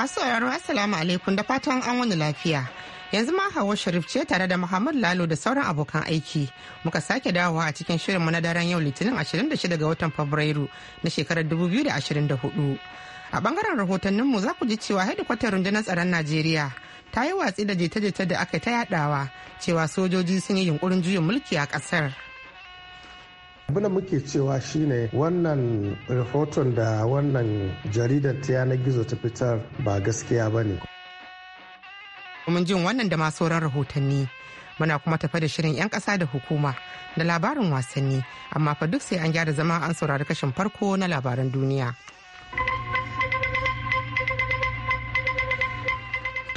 Masu sauraro Assalamu alaikum da fatan an wani lafiya. Yanzu ma Hawa Sharif ce tare da Muhammad Lalo da sauran abokan aiki. Muka sake dawowa a cikin shirin mu na daren yau Litinin 26 ga watan Fabrairu na shekarar 2024. A bangaren mu za ku ji cewa hedikwatar rundunar tsaron Najeriya ta yi watsi da jita-jita da aka ta yadawa cewa sojoji sun yi yunkurin juyin mulki a kasar. abin da muke cewa shine wannan rahoton da wannan jaridar ta yanar gizo ta fitar ba gaskiya ba ne mun jin wannan da ma sauran rahotanni muna kuma tafa da shirin 'yan kasa da hukuma da labarin wasanni amma fa duk sai an gyara zama an saurari kashin farko na labaran duniya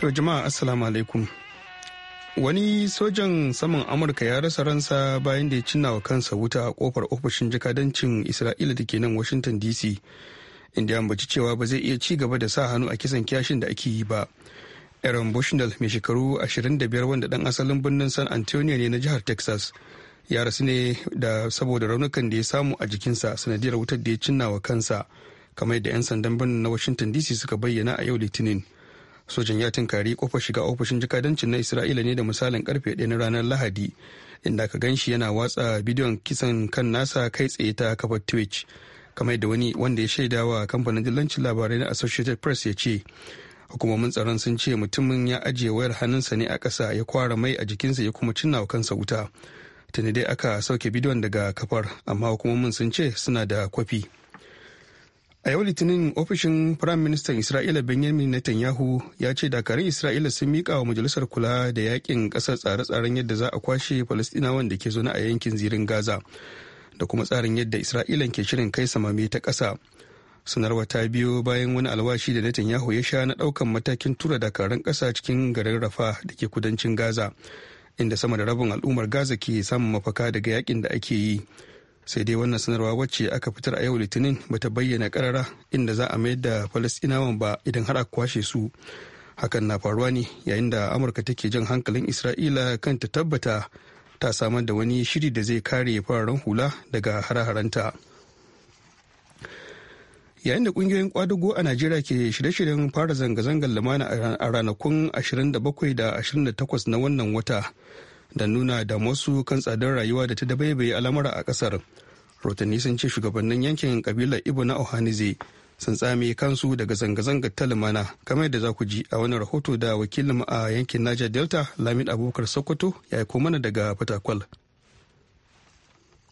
to jama'a assalamu alaikum wani sojan saman amurka ya rasa ransa bayan da ya cinna wa kansa wuta a kofar ofishin jakadancin isra'ila da ke nan washington dc inda ya ambaci cewa ba zai iya ci gaba da sa hannu a kisan kyashin da ake yi ba aaron bushnell mai shekaru 25 wanda dan asalin birnin san antonio ne na jihar texas ya rasu ne da saboda raunukan da ya samu a jikinsa sanadiyar wutar da ya cinna wa kansa kamar da 'yan sandan birnin na washington dc suka bayyana a yau litinin sojan ya tunkari kofar shiga ofishin jikadancin na isra'ila ne da misalin karfe 1 na ranar lahadi inda aka ganshi yana watsa bidiyon kisan kan nasa kai tsaye ta kafar twitch kamar da wani wanda ya shaida wa kamfanin dillancin labarai na associated press ya ce hukumomin tsaron sun ce mutumin ya ajiye wayar hannunsa ne a ƙasa ya kwara mai a jikinsa ya kuma cinna wa kansa wuta tuni dai aka sauke bidiyon daga kafar amma hukumomin sun ce suna da kwafi. a yau litinin ofishin firayim ministan isra'ila benjamin netanyahu ya ce dakarun isra'ila sun miƙa wa majalisar kula da yakin ƙasar tsare-tsaren yadda za a kwashe falastinawan da ke zaune a yankin zirin gaza da kuma tsarin yadda isra'ilan ke shirin kai samame ta ƙasa sanarwa ta biyo bayan wani alwashi da netanyahu ya sha na ɗaukan matakin tura dakarun ƙasa cikin garin rafa da ke kudancin gaza inda sama da rabin al'ummar gaza ke samun mafaka daga yakin da ake yi sai dai wannan sanarwa wacce aka fitar a yau litinin bata bayyana karara inda za a mayar da falastinawan ba idan har aka kwashe su hakan na faruwa ne yayin da amurka take jan hankalin isra'ila kan ta tabbata ta samar da wani shiri da zai kare fararen hula daga hare yayin da kungiyoyin kwadago a najeriya ke shirye-shiryen fara zanga-zangar lumana a ranakun 27 da 28 na wannan wata da nuna da wasu kan tsadar rayuwa da ta dabaibaye al'amura a kasar rotanni sun ce shugabannin yankin kabilar ibo na ohanize sun tsame kansu daga zanga zanga ta lumana kamar yadda za ku ji a wani rahoto da wakilin a yankin niger delta lamin abubakar sokoto ya aiko mana daga fatakwal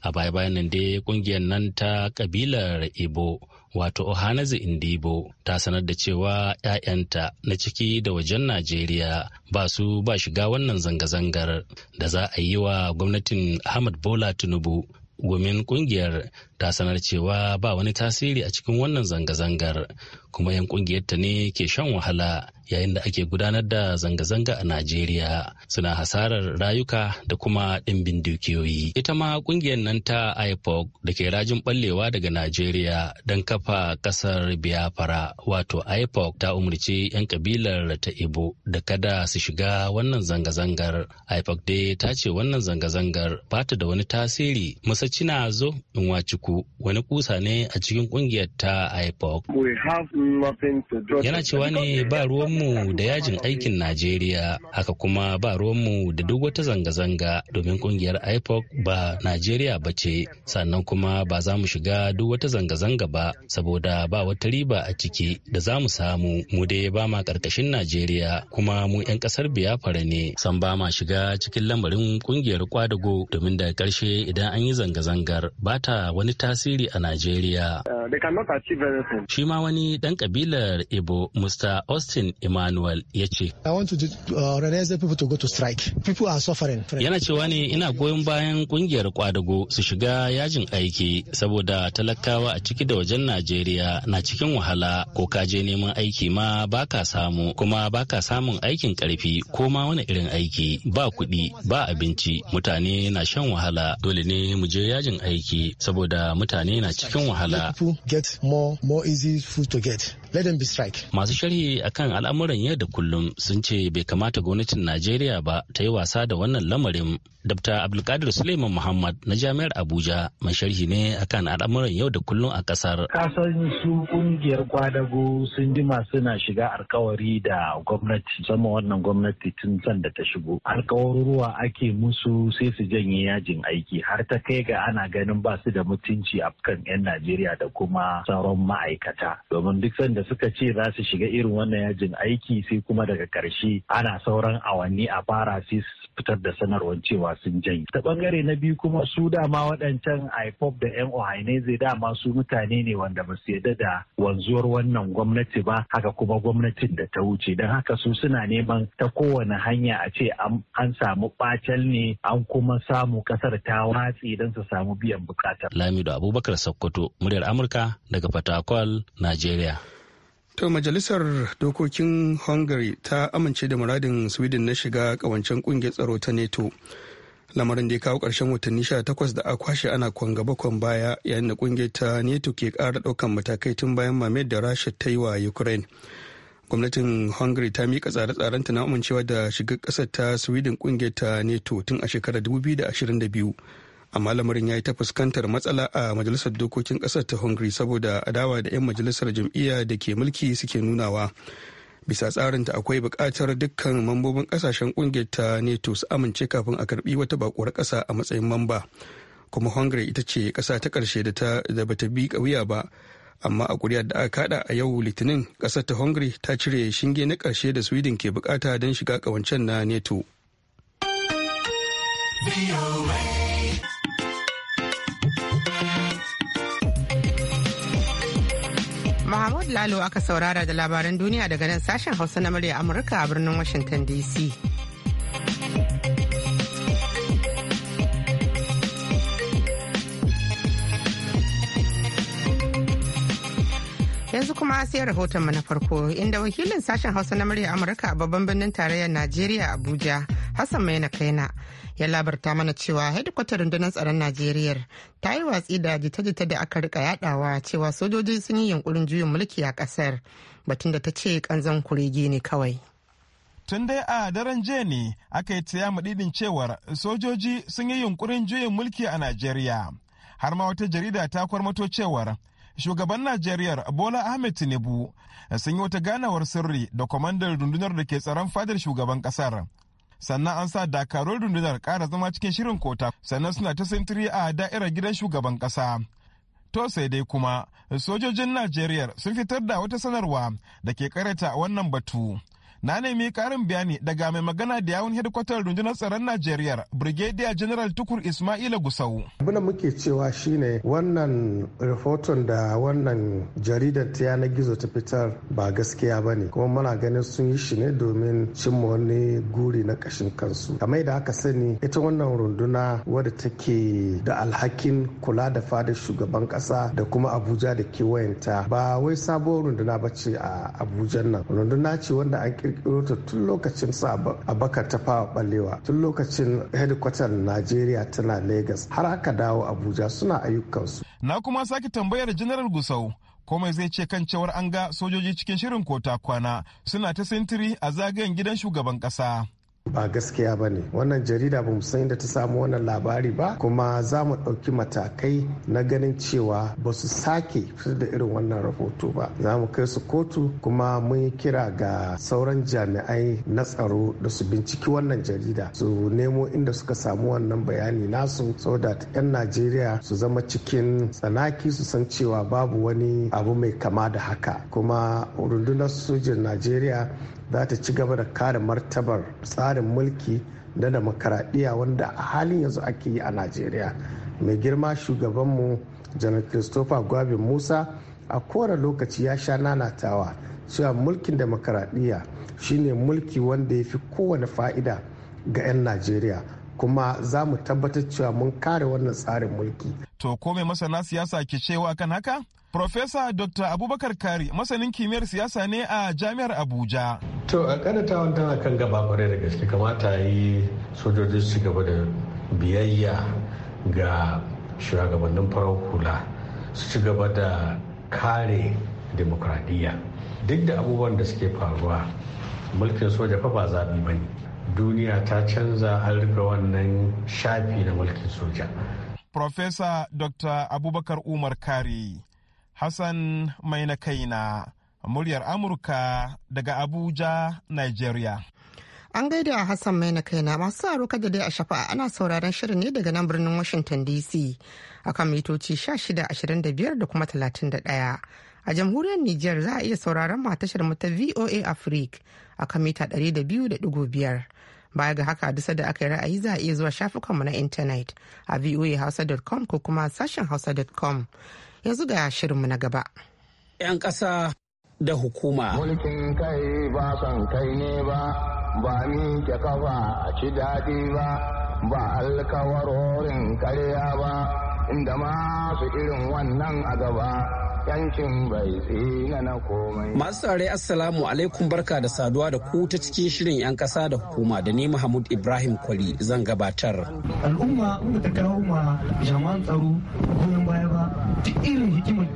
a baya-bayan nan dai kungiyar nan ta kabilar ibo wato Ohanaze Indibo ta sanar da cewa 'ya'yanta na ciki da wajen Najeriya ba su ba shiga wannan zanga-zangar da za a yi wa gwamnatin Ahmad Bola Tinubu gomin kungiyar ta sanar cewa ba wani tasiri a cikin wannan zanga-zangar kuma 'yan kungiyarta ne ke shan wahala yayin da ake gudanar da zanga-zanga a Najeriya suna hasarar rayuka da kuma ɗimbin dukiyoyi. Ita ma ƙungiyar nan ta IPOC da ke rajin ɓallewa daga Najeriya don kafa ƙasar Biafra wato IPOC ta umarci 'yan kabilar ta Ibo da kada su shiga wannan zanga-zangar. IPOC dai ta ce wannan zanga-zangar ba ta da wani tasiri. na zo in waciku wani kusa ne a cikin ƙungiyar ta IPOC. We have Yana cewa ne ba ruwanmu da yajin aikin Najeriya, haka kuma ba ruwanmu da duk wata zanga-zanga domin kungiyar IPOC ba Najeriya ba ce, sannan kuma ba za mu shiga duk wata zanga-zanga ba, saboda ba wata riba a ciki da za mu samu mu dai ba ma ƙarƙashin Najeriya kuma mu 'yan ƙasar biyafara ne, san ba ma shiga cikin lamarin kungiyar kwadago domin da ƙarshe idan an yi zanga-zangar ba ta wani tasiri a Najeriya. Uh, Shi ma wani ɗan ɗan kabilar Ibo Mr. Austin Emmanuel ya ce. Uh, Yana cewa ne ina goyon bayan ƙungiyar kwadago su shiga yajin aiki saboda talakawa a ciki da wajen Najeriya na cikin wahala ko ka je neman aiki ma baka samu kuma baka samun aikin karfi ko ma wani irin aiki ba kuɗi ba abinci mutane na shan wahala dole ne mu je yajin aiki saboda mutane na cikin wahala. get it. let them be strike masu sharhi akan al'amuran yau da kullum sun ce bai kamata gwamnatin najeriya ba ta yi wasa da wannan lamarin dr abdulkadir suleiman muhammad na jami'ar abuja mai sharhi ne akan al'amuran yau da kullum a kasar Kasar su kungiyar kwadago sun masu na shiga alkawari da gwamnati Sama wannan gwamnati tun san da ta shigo Alkawarurwa ake musu sai su janye yajin aiki har ta kai ga ana ganin ba su da mutunci a kan 'yan najeriya da kuma sauran ma'aikata domin duk sanda da suka ce za su shiga irin wannan yajin aiki sai kuma daga karshe ana sauran awanni a fara sai fitar da sanarwar cewa sun janye. Ta bangare na biyu kuma su dama waɗancan IPOP da yan Ohaineze dama su mutane ne wanda ba su yarda da wanzuwar wannan gwamnati ba haka kuma gwamnatin da ta wuce don haka su suna neman ta kowane hanya a ce an samu ɓacal ne an kuma samu ƙasar ta watsi don su samu biyan bukata. Lamido Abubakar Sokoto, muryar Amurka daga Fatakwal, Najeriya. To majalisar dokokin Hungary ta amince da muradin Sweden na shiga kawancen kungiyar tsaro ta NATO. Lamarin da ya kawo ƙarshen watanni 18 da a kwashe ana kwanga gaba baya yayin da kungiyar ta NATO ke kara ɗaukan matakai tun bayan mamayar da Rasha ta yi wa Ukraine. Gwamnatin Hungary ta mika tsare-tsaren ta na amincewa da shiga ƙasar ta Sweden kungiyar ta NATO tun a shekarar 2022. amma lamarin ya yi ta fuskantar matsala a majalisar dokokin kasar ta hungary saboda adawa da 'yan majalisar jam'iyya da ke mulki suke nunawa bisa tsarinta akwai bukatar dukkan mambobin kasashen kungiyar ta neto su amince kafin a karbi wata bakuwar kasa a matsayin mamba kuma hungary ita ce ƙasa ta karshe da bata bi kauya ba amma a kuri'ar da aka kada a yau litinin ƙasar ta hungary ta cire shinge na ƙarshe da sweden ke bukata don shiga ƙawancen na neto. Mahmud Lalo aka saurara da labaran duniya daga nan sashen Hausa na murya Amurka a birnin Washington DC. yanzu kuma sai rahoton na farko inda wakilin sashen hausa na murya amurka a babban birnin tarayyar najeriya abuja hassan maina kaina ya labarta mana cewa hedikwatar rundunar tsaron najeriya ta yi watsi da jita-jita da aka rika yadawa cewa sojoji sun yi yunkurin juyin mulki a kasar batun da ta ce kanzan kurege ne kawai tun dai a daren jiya ne aka yi tsaya madidin cewar sojoji sun yi yunkurin juyin mulki a najeriya har ma wata jarida ta kwarmato cewar shugaban Najeriya Bola Ahmed Tinubu sun yi wata ganawar sirri da kwamandan rundunar da ke tsaron fadar shugaban kasar. Sannan an sa dakarun rundunar kara zama cikin shirin kota sannan suna ta sintiri a da'irar gidan shugaban kasa To sai dai kuma sojojin Najeriya sun fitar da wata sanarwa da ke karata wannan batu. na nemi karin bayani daga mai magana da yawun hedkwatar rundunar tsaron najeriya brigadier general tukur ismaila gusau abin da muke cewa shine wannan rahoton da wannan jaridar ta yanar gizo ta fitar ba gaskiya ba ne kuma muna ganin sun yi shi ne domin cimma wani guri na kashin kansu kamar da aka sani ita wannan runduna wadda take da alhakin kula da fadar shugaban kasa da kuma abuja da kewayenta ba wai sabuwar runduna ba ce a abuja nan runduna ce wanda an kirkiro tun lokacin sa abakar ta fawa balewa tun lokacin hedikwatar najeriya tana lagos har aka dawo abuja suna ayyukansu na kuma sake tambayar janar gusau komai zai ce kan cewar an ga sojoji cikin shirin kota kwana suna ta sintiri a zagayen gidan shugaban kasa ba gaskiya ba ne wannan jarida ba san inda ta samu wannan labari ba kuma za mu ɗauki matakai na ganin cewa ba su sake fitar da irin wannan rahoto ba za mu kai su kotu kuma mun yi kira ga sauran jami'ai na tsaro da su binciki wannan jarida su nemo inda suka samu wannan bayani nasu So that 'yan najeriya su zama cikin tsanaki su san cewa babu wani abu mai kama da haka kuma rundunar sojin najeriya za ta ci gaba da kare martabar tsarin mulki na demokaradiyya wanda a halin yanzu ake yi a najeriya mai girma shugabanmu janar christopher gwabin musa a kowane lokaci ya sha nanatawa cewa mulkin demokaradiyya shine mulki wanda ya fi kowane fa'ida ga 'yan najeriya kuma za mu tabbatar cewa mun kare wannan tsarin mulki to ko mai masana siyasa ke cewa kan haka Profesa Dr. Abubakar Kari masanin kimiyyar siyasa ne a Jami'ar Abuja. To a kanatawan tana kan gaba kwarai da gaske kamata yi sojoji su gaba da biyayya ga shugabannin farar hula su ci gaba da kare demokradiyya duk da abubuwan da suke faruwa mulkin soja fa ba zaɓi ba ne duniya ta canza an rufe wannan shafi na mulkin soja. Profesa Dr. Abubakar Umar Kari Hassan mai na muryar Amurka daga Abuja, Nigeria. An gaida Hassan mai na na masu tsaro kada dai a shafa'a ana sauraron shirin ne daga nan birnin Washington DC A kan mitoci 1625 da kuma 31. A jamhuriyar Nijar za a iya sauraron matashar mu ta VOA Africa a kan mita 200.5. baya ga haka dusa da aka yi ra'ayi za a iya zuwa shafukanmu na intanet a voahausa.com ko kuma sashen hausa.com yanzu ga shirinmu na gaba 'yan ƙasa da hukuma mulkin kai ba son kai ne ba ba ni ke kafa a ci daɗi ba ba alkawarorin karya ba inda masu irin wannan a gaba yankin bai tsina na komai. Masu tsare assalamu alaikum barka da saduwa da ku ta cikin shirin 'yan kasa da hukuma da ni Mahmud Ibrahim Kwali zan gabatar. Al'umma ba ta kawo ma jaman tsaro goyon baya ba duk irin hikimar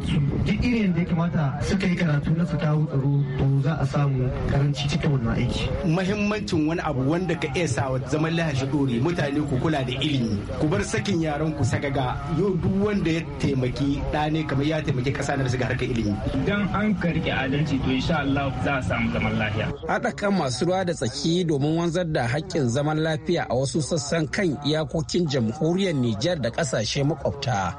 duk irin da ya kamata suka yi karatu na su kawo tsaro to za a samu karanci cikin wannan aiki muhimmancin wani abu wanda ka iya sawa zaman lahashi dore mutane ku kula da ilimi ku bar sakin yaran ku sagaga yau duk wanda ya taimaki ɗane kamar ya taimaki ƙasa na bisa harkar ilimi idan an karki adalci to insha Allah za a samu zaman lafiya haɗa kan masu ruwa da tsaki domin wanzar da haƙƙin zaman lafiya a wasu sassan kan iyakokin jamhuriyar Nijar da ƙasashe makwabta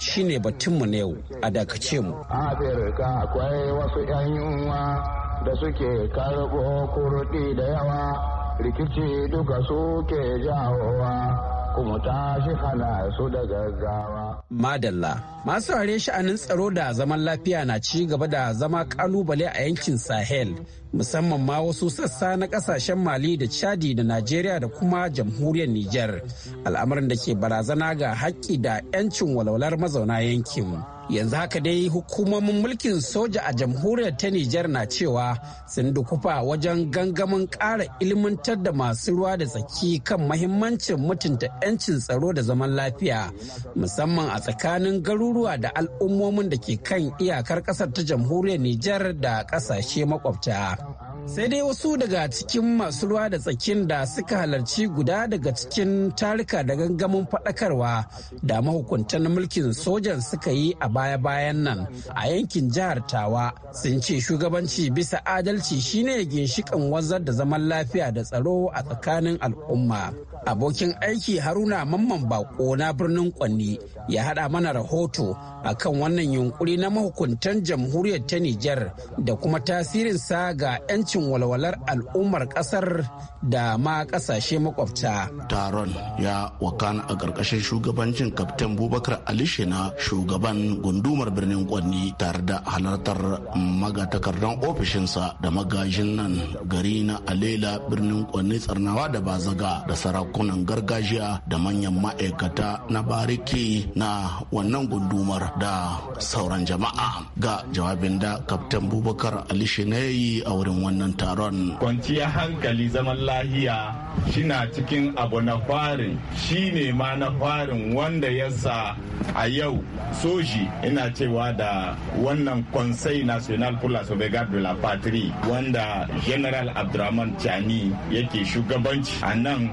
shine batunmu na yau a dakace mu. Afirka akwai wasu 'yan yunwa da suke karɓo kurɗi da yawa rikici duka suke jawowa. kuma ta shi hana su da gaggawa. Madalla, masu hare sha'anin tsaro da zaman lafiya na ci gaba da zama kalubale a yankin Sahel musamman ma wasu sassa na kasashen mali da chadi da najeriya da kuma jamhuriyar niger al'amarin da ke barazana ga haƙƙi da 'yancin walwalar mazauna yankin yanzu haka dai hukumomin mulkin soja a jamhuriyar ta niger na cewa sun dukufa wajen gangamin ƙara ilmantar da masu ruwa da tsaki kan mahimmancin mutunta 'yancin tsaro da zaman lafiya musamman a tsakanin garuruwa da al'ummomin da ke kan iyakar ƙasar ta jamhuriyar niger da ƙasashe makwabta sai dai wasu daga cikin masu ruwa da tsakin da suka halarci guda daga cikin tarika da gangamin faɗakarwa da mahukuntan mulkin sojan suka yi a baya-bayan nan a yankin jihar tawa sun ce shugabanci bisa adalci shine ginshikan wazar da zaman lafiya da tsaro a tsakanin al'umma abokin aiki haruna mamman bako na birnin kwanni ya haɗa mana rahoto akan wannan yunkuri na mahukuntan jamhuriyar ta nijar da kuma tasirinsa ga ga 'yancin walwalar al'ummar kasar da ma kasashe makwabta. Taron ya wakana a ƙarƙashin shugabancin Kaftin Bubakar Ali Shina shugaban gundumar birnin Kwanni tare da halartar magatakardan ofishinsa da magajin nan gari na Alela birnin Kwanni Tsarnawa da Bazaga da sarakunan gargajiya da manyan ma'aikata na bariki na wannan gundumar da sauran jama'a ga jawabin da Kaftin Bubakar Ali Shina ya yi a wurin wannan taron. Kwanciya hankali zaman lahiya shina cikin abu na farin shi ne ma na farin wanda ya sa a yau soji ina cewa da wannan conseil national pour la sauvegarde la patrie wanda general abdurrahman chani yake shugabanci a nan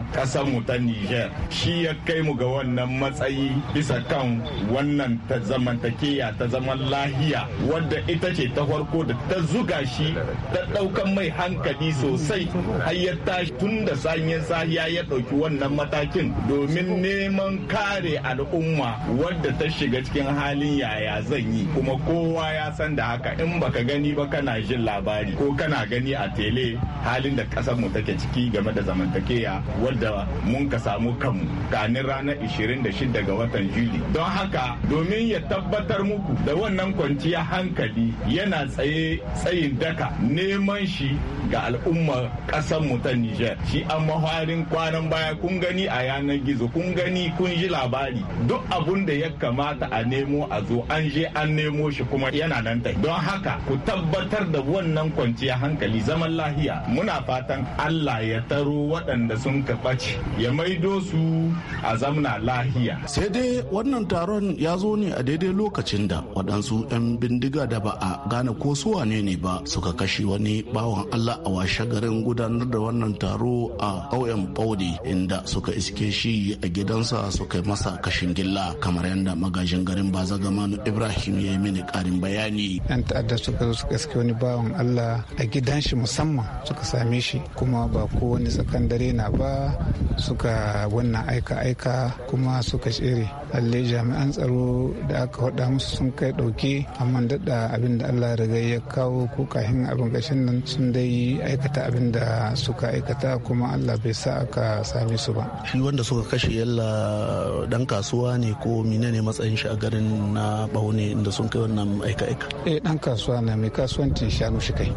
mu ta niger shi ya kai mu ga wannan matsayi bisa kan wannan ta zamantakeya ta zaman lahiya wadda ita ce ta farko da ta zuga shi ta daukan mai hankali sosai har ya tashi tun da sanyin sahiya ya ɗauki wannan matakin domin neman kare al'umma wadda ta shiga cikin halin yaya zan yi kuma kowa ya san da haka in baka gani ba kana jin labari ko kana gani a tele halin da ƙasar mu take ciki game da zamantakeya wadda mun ka samu kanmu kanin ranar 26 ga watan juli don haka domin ya tabbatar muku da wannan kwanciya hankali yana tsaye tsayin daka neman shi ga al'ummar ƙasar mu ta Niger shi an maharin kwanan baya kun gani a yanar gizo kun gani kun ji labari duk abun da ya kamata a nemo a zo an je an nemo shi kuma yana nan ta don haka ku tabbatar da wannan kwanciya hankali zaman lahiya muna fatan Allah ya taro waɗanda sun kaɓace ya maido su a zamna lahiya sai dai wannan taron ya zo ne a daidai lokacin da waɗansu 'yan bindiga da ba a gane ko su wane ne ba suka kashe wani bawan Allah a washe garin gudanar da wannan taron taro a ƙauyen baudi inda suka iske shi a gidansa suka masa kashin gilla kamar yadda magajin garin bazagamanu ibrahim ya yi mini ƙarin bayani yan ta'adda suka zo suka iske wani bawan allah a gidan shi musamman suka same shi kuma ba kowane tsakan dare na ba suka wannan aika-aika kuma suka tsere lalle jami'an tsaro da aka hada musu sun kai ɗauke amma daɗa abin da allah riga ya kawo ko kahin abin gashin nan sun dai aikata abin da suka aikata bukata kuma allah bai sa aka same su ba shi wanda suka kashe yalla dan kasuwa ne ko mine ne matsayin shi a garin na Bauni inda sun kai wannan aika-aika eh dan kasuwa na mai kasuwancin shanu shi kai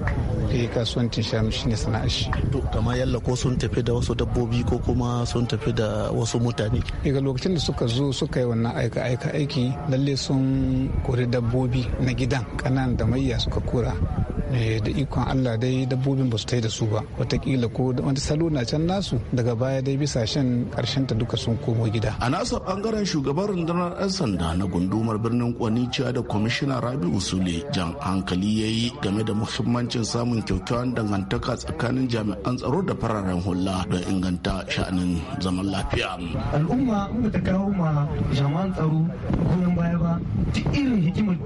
eh kasuwancin shanu shi ne sana'ar shi to kamar yalla ko sun tafi da wasu dabbobi ko kuma sun tafi da wasu mutane daga lokacin da suka zo suka yi wannan aika-aika aiki lalle sun kori dabbobi na gidan kanan da mayya suka kura Eh, da ikon allah dai dabbobin ba su ta yi da su ba watakila ko wani salo na can nasu daga baya dai bisa shan karshen ta duka sun komo gida a nasa bangaren shugaban rundunar 'yan sanda na gundumar birnin kwanica da kwamishina rabi usule jan hankali ya yi game da muhimmancin samun kyakkyawan dangantaka tsakanin jami'an tsaro da fararen hula don inganta sha'anin zaman lafiya al'umma ba ta kawo ma jami'an tsaro goyon baya ba duk irin hikimar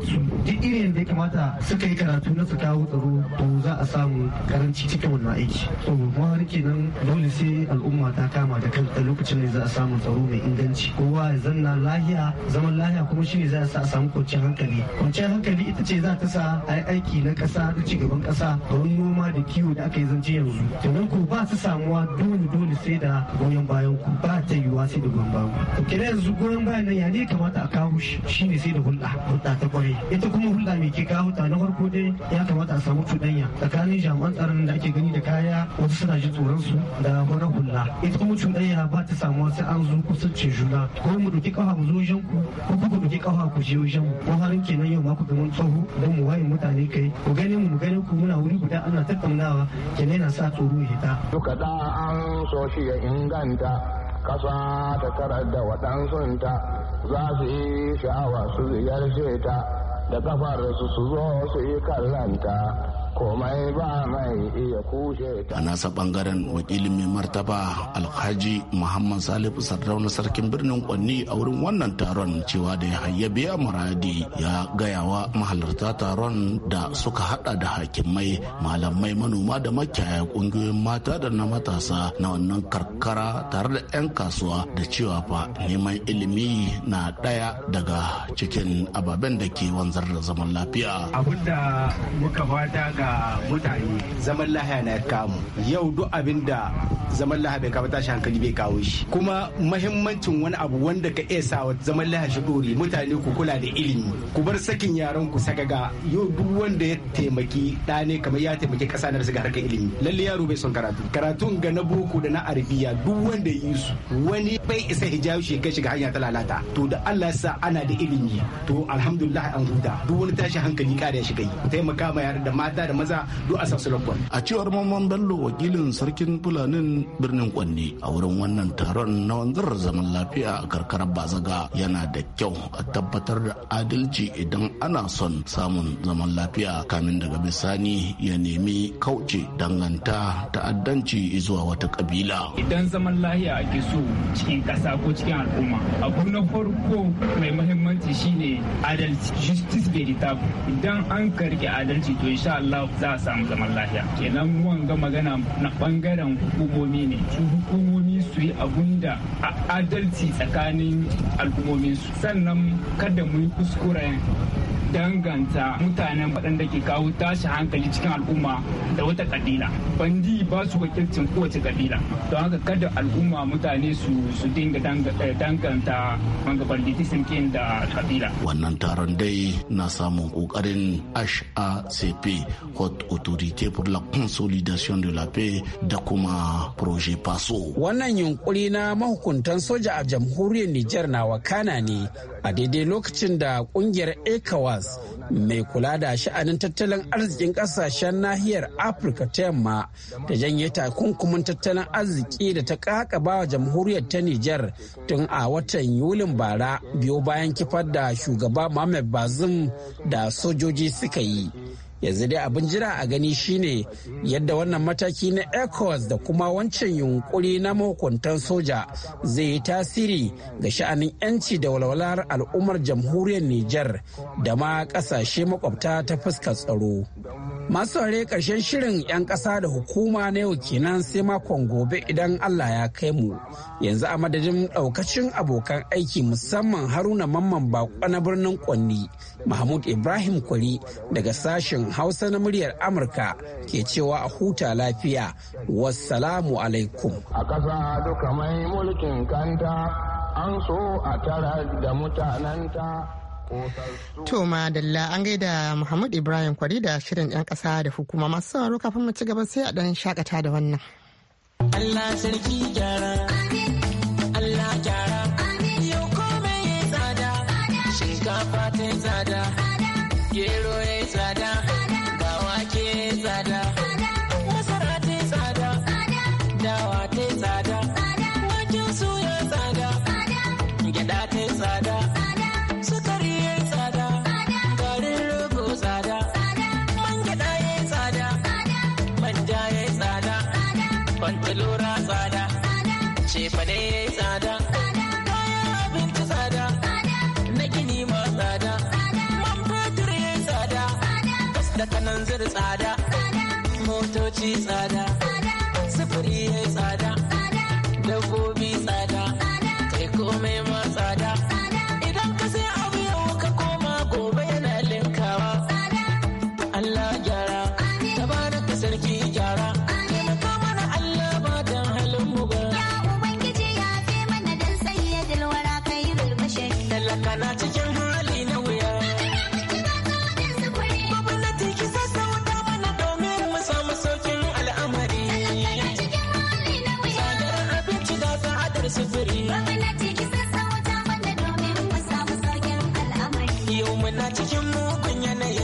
duk irin da ya kamata suka yi karatu na su kawo tsaro to za a samu karanci cikin wannan aiki to mu har kenan dole sai al'umma ta kama da kanta lokacin ne za a samu tsaro mai inganci kowa ya zanna lahiya zaman lahiya kuma shine za a samu kwanciyar hankali kwanciyar hankali ita ce za ta sa a aiki na ƙasa da gaban ƙasa don noma da kiwo da aka yi zance yanzu nan ku ba su samuwa dole dole sai da goyon bayan ku ba ta yiwuwa sai da goyon bayan ku yanzu goyon bayan nan ya ne kamata a kawo shi shine sai da hulɗa hulɗa ta kwarai ita kuma hulɗa mai ke kawo ta na farko dai ya kamata a samu cuɗanya tsakanin jami'an tsaron da ake gani da kaya wasu suna ji tsoron su da wani hulla ita kuma cuɗanya ba ta samu wasu an zo ce juna ko mu ɗauki kafa mu zo wajen ku ko ku ɗauki kafa ku je wajen mu ko harin kenan yau ma ku ga tsoho don mu waye mutane kai ku gani mu mu gani ku muna wuri guda ana tattaunawa kenan yana sa tsoro ya hita. duka da an so shi ya inganta kasa ta tarar da waɗansunta za su yi sha'awa su ziyarce ta La kafar su su dos y komai ba mai iya kushe ta. A nasa bangaren wakilin mai martaba Alhaji Muhammad Salihu Sardauna sarkin birnin Kwanni a wurin wannan taron cewa da ya hayyabe muradi ya gayawa mahalarta taron da suka hada da hakimai malamai manoma da makiyaya kungiyoyin mata da na matasa na wannan karkara tare da 'yan kasuwa da cewa fa neman ilimi na daya daga cikin ababen da ke wanzar da zaman lafiya. abinda muka fata ga ga mutane zaman lahiya na kamu yau duk abin da zaman lahiya bai kawo tashi hankali bai kawo shi kuma mahimmancin wani abu wanda ka iya sa zaman lahiya shi dori mutane ku kula da ilimi ku bar sakin yaran ku ga yau duk wanda ya taimaki ɗane ne kamar ya taimaki ƙasa na ga harkar ilimi lalle yaro bai son karatu karatun ga na boko da na arabiya duk wanda ya yi su wani bai isa hijabi shi kai shiga hanya ta lalata to da Allah sa ana da ilimi to alhamdulillah an huta duk wani tashi hankali kare shi kai taimaka ma yaran da mata da maza duk a A cewar Mamman Bello wakilin sarkin Fulanin birnin Kwanne a wurin wannan taron na wanzar zaman lafiya a karkarar Bazaga yana da kyau a tabbatar da adalci idan ana son samun zaman lafiya kamin daga bisani ya nemi kauce danganta ta'addanci zuwa wata kabila. Idan zaman lafiya ake so cikin kasa ko cikin al'umma abu na farko mai muhimmanci shine adalci justice veritable idan an karke adalci to insha Allah za a samu zaman lafiya kenan ruwan ga magana na bangaren hukumomi ne su hukumomi su yi abun da adalci tsakanin al'ummomin sannan kada mu yi kuskuren danganta mutanen waɗanda ke kawo tashi hankali cikin al'umma da wata ƙabila bandi ba su wakilcin kowace kabila don haka kada al'umma mutane su su dinga eh, danganta wanga banditism kin da kabila wannan taron dai na samun kokarin HACP Hot Autorité pour la Consolidation de la Paix da kuma Projet PASO wannan yunkuri na mahukuntan soja a jamhuriyar Nijar na wakana ne a daidai lokacin da kungiyar ecowas mai kula da sha'anin tattalin arzikin kasashen nahiyar afirka ta yamma ta janye takunkumin tattalin arziki da ta kakaba wa jamhuriyar ta nijar tun a watan yulin bara biyo bayan kifar da shugaba mohamed bazum da sojoji suka yi yanzu dai abin jira a gani shine yadda wannan mataki na ecowas da kuma wancan yunkuri na mahukuntan soja zai yi tasiri ga sha'anin 'yanci da walwalar al'ummar jamhuriyar niger da ma kasashe makwabta ta fuskar tsaro Masu saurare karshen shirin 'yan ƙasa da hukuma na yau kenan sai makon gobe idan Allah ya kai mu. Yanzu a madadin ɗaukacin abokan aiki musamman Haruna Mamman bakwa na birnin Kwanni, Mahmud Ibrahim Kwari daga sashen Hausa na muryar Amurka ke cewa a huta lafiya. Wassalamu alaikum. A ƙasa duka mai mulkin kanta an so a tara da mutanenta. To Madalla an gaida Muhammad Ibrahim Kwari da shirin 'yan ƙasa da hukuma masu sauraro kafin mu ci gaba sai a ɗan shakata da wannan. Allah sarki gyara, Allah gyara. Fantalora tsada. Cefane tsada. Kayan abinci tsada. Na gini ma tsada. Man fetur ya tsada. Gas da kanan tsada. Motoci tsada. Sufuri ya tsada. cikin mugun yanayi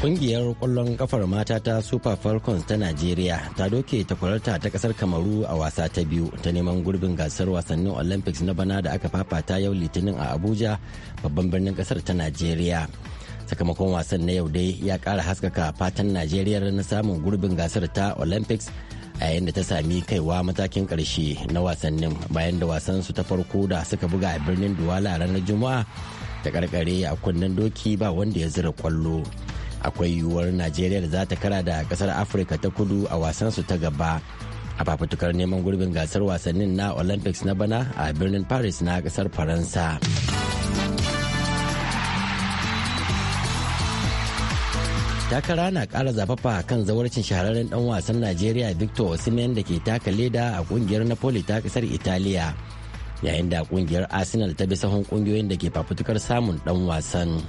Kungiyar kwallon kafar mata ta Super Falcons ta Najeriya ta doke takwarta ta kasar Kamaru a wasa ta biyu ta neman gurbin gasar wasannin Olympics na bana da aka fafata yau Litinin a Abuja babban birnin kasar ta Najeriya. Sakamakon wasan na yau dai ya kara haskaka fatan Najeriya na samun gurbin gasar ta Olympics a yayin da ta sami kaiwa matakin karshe na wasannin bayan da wasan su ta farko da suka buga a birnin Duwala ranar Juma'a ta karkare a kunnen doki ba wanda ya zira kwallo. akwai yiwuwar najeriya da za ta kara da kasar afirka ta kudu a wasan su ta gaba a fafutukar neman gurbin gasar wasannin na olympics na bana a birnin paris na kasar faransa takara na kara zafafa kan zawarcin shahararren dan wasan najeriya victor osimhen da ke taka leda a kungiyar napoli ta kasar italiya yayin da kungiyar arsenal ta bi sahun kungiyoyin da ke fafutukar samun dan wasan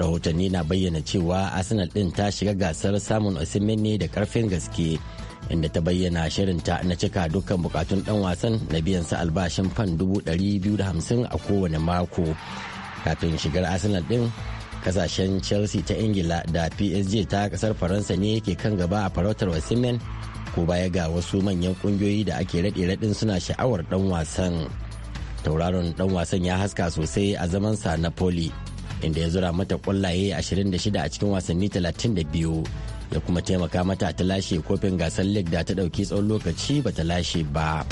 rahotanni na bayyana cewa arsenal din ta shiga gasar samun osimhen ne da karfin gaske inda ta bayyana shirinta na cika dukkan bukatun dan wasan na biyan sa albashin fan 250 a kowane mako kafin shigar arsenal din kasashen chelsea ta ingila da psg ta kasar faransa ne ke kan gaba a farautar osimhen ko baya ga wasu manyan kungiyoyi da ake raɗe-raɗin suna sha'awar dan wasan tauraron dan wasan ya haska sosai a zamansa na inda ya zura mata kwallaye 26 a cikin wasanni 32 ya kuma taimaka mata ta lashe kofin gasar league da ta dauki tsawon lokaci ba ta lashe ba.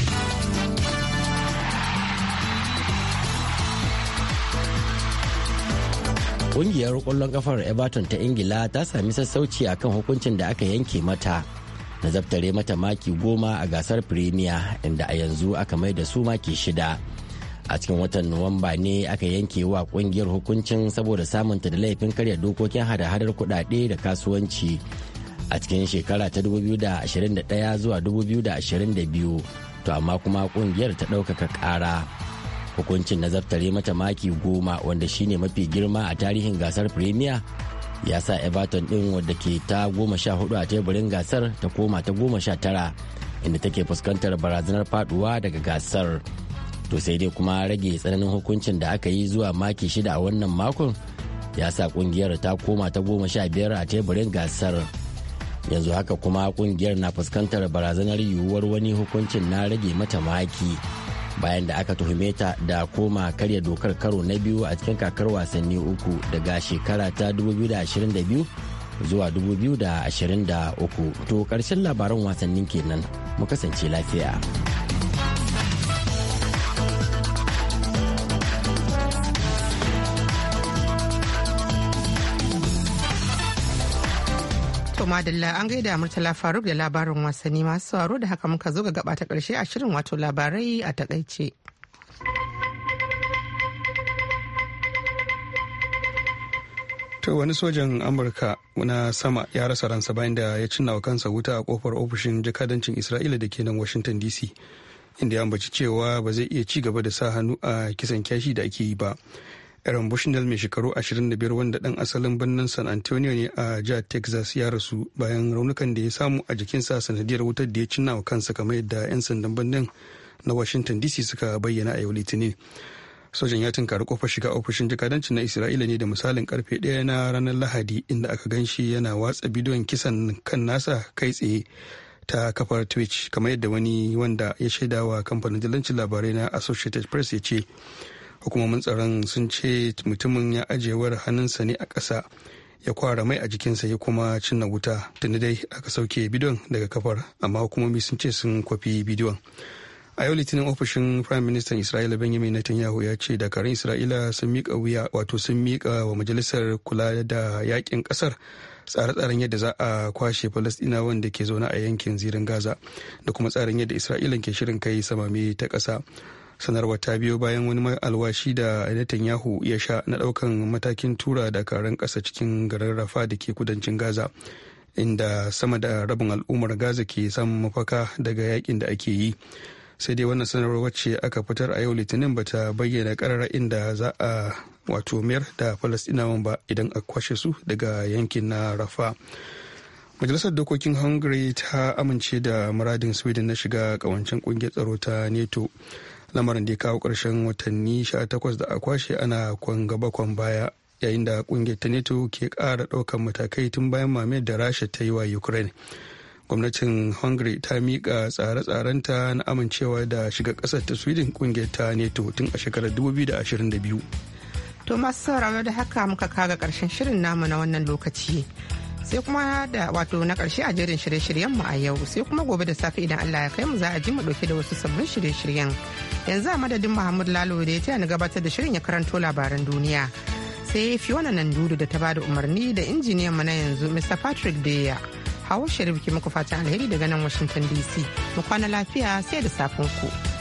Ƙungiyar ƙwallon kafar Everton ta Ingila ta sami sassauci a kan hukuncin da aka yanke mata na zaftare mata maki goma a gasar Premier inda a yanzu aka mai da su maki shida. a cikin watan nuwamba ne aka yanke wa kungiyar hukuncin saboda samunta da laifin karya dokokin hada-hadar kudade da kasuwanci a cikin shekara ta 2021 zuwa 2022 to amma kuma kungiyar ta daukaka kara hukuncin nazartare mata maki goma wanda shine mafi girma a tarihin gasar premier ya sa everton din wadda ke ta goma sha hudu a teburin gasar ta koma ta goma sha tara inda take fuskantar barazanar faduwa daga gasar. to sai dai kuma rage tsananin hukuncin da aka yi zuwa maki shida a wannan makon ya sa kungiyar ta koma ta goma sha biyar a teburin gasar yanzu haka kuma kungiyar na fuskantar barazanar yiwuwar wani hukuncin na rage mata maki bayan da aka tuhume ta da koma karya dokar karo na biyu a cikin kakar wasanni uku daga shekara ta 2022 zuwa 2023 to karshen labaran wasannin kenan mu kasance lafiya. madalla an gaida murtala faruk da labarin wasanni masu sauraro da haka muka zo ga gaba ta karshe a shirin wato labarai a takaice. To wani sojan Amurka na sama ya rasa ransa bayan da ya cinna wa kansa wuta a kofar ofishin jakadancin Isra'ila da ke nan Washington DC, inda ya ambaci cewa ba zai iya ci gaba da sa hannu a kisan kyashi da ake yi ba. Aaron Bushnell mai shekaru 25 wanda dan asalin birnin San Antonio ne a jihar Texas ya rasu bayan raunukan da ya samu a jikinsa sanadiyar wutar da ya cinna wa kansa kamar yadda 'yan sandan birnin na Washington DC suka bayyana a yau Litinin. Sojan ya tunkari kofar shiga ofishin jakadanci na Isra'ila ne da misalin karfe ɗaya na ranar Lahadi inda aka gan shi yana watsa bidiyon kisan kan nasa kai tsaye ta kafar Twitch kamar yadda wani wanda ya shaidawa kamfanin dillancin labarai na Associated Press ya ce. hukumomin tsaron sun ce mutumin ya ajewar hannunsa ne a ƙasa ya kwara mai a jikinsa ya kuma cinna wuta tuni dai aka sauke bidiyon daga kafar amma hukumomi sun ce sun kwafi bidiyon a yau litinin ofishin prime minister isra'ila benjamin netanyahu ya ce dakarun isra'ila sun miƙa wuya wato sun miƙa wa majalisar kula da yakin ƙasar tsare-tsaren yadda za a kwashe falastinawan wanda ke zaune a yankin zirin gaza da kuma tsarin yadda isra'ila ke shirin kai samami ta ƙasa sanarwa ta biyo bayan wani alwashi da netanyahu ya sha na daukan matakin tura da karan kasa cikin garin rafa da ke kudancin gaza inda sama da rabin al'ummar gaza ke samun mafaka daga yakin da ake yi sai dai wannan sanarwar wacce aka fitar a yau litinin ba ta bayyana karara inda za a wato mayar da falastinawan ba idan a kwashe su daga yankin na rafa majalisar dokokin hungary ta amince da muradin sweden na shiga kawancin kungiyar tsaro ta neto lamarin da ya kawo ƙarshen watanni 18 da a kwashe ana kwangaba kwan baya yayin da kungiyar ta neto ke ƙara ɗaukar matakai tun bayan mamayar da rasha ta yi wa ukraine gwamnatin hungary ta miƙa tsare-tsarenta na amincewa da shiga ƙasar ta sweden kungiyar ta neto tun a shekarar 2022 to sauraro da haka muka kaga ƙarshen shirin namu na wannan lokaci sai kuma da wato na karshe a jerin shirye-shiryen mu a yau sai kuma gobe da safe idan Allah ya kai mu za a ji mu dauke da wasu sabbin shirye-shiryen yanzu a madadin Muhammad Lalo da ya taya ni gabatar da shirin ya karanto labaran duniya sai Fiona Nandudu da ta bada umarni da injiniyan mu na yanzu Mr Patrick Deya hawo Sharif ki muku fatan alheri daga nan Washington DC mu kwana lafiya sai da safin ku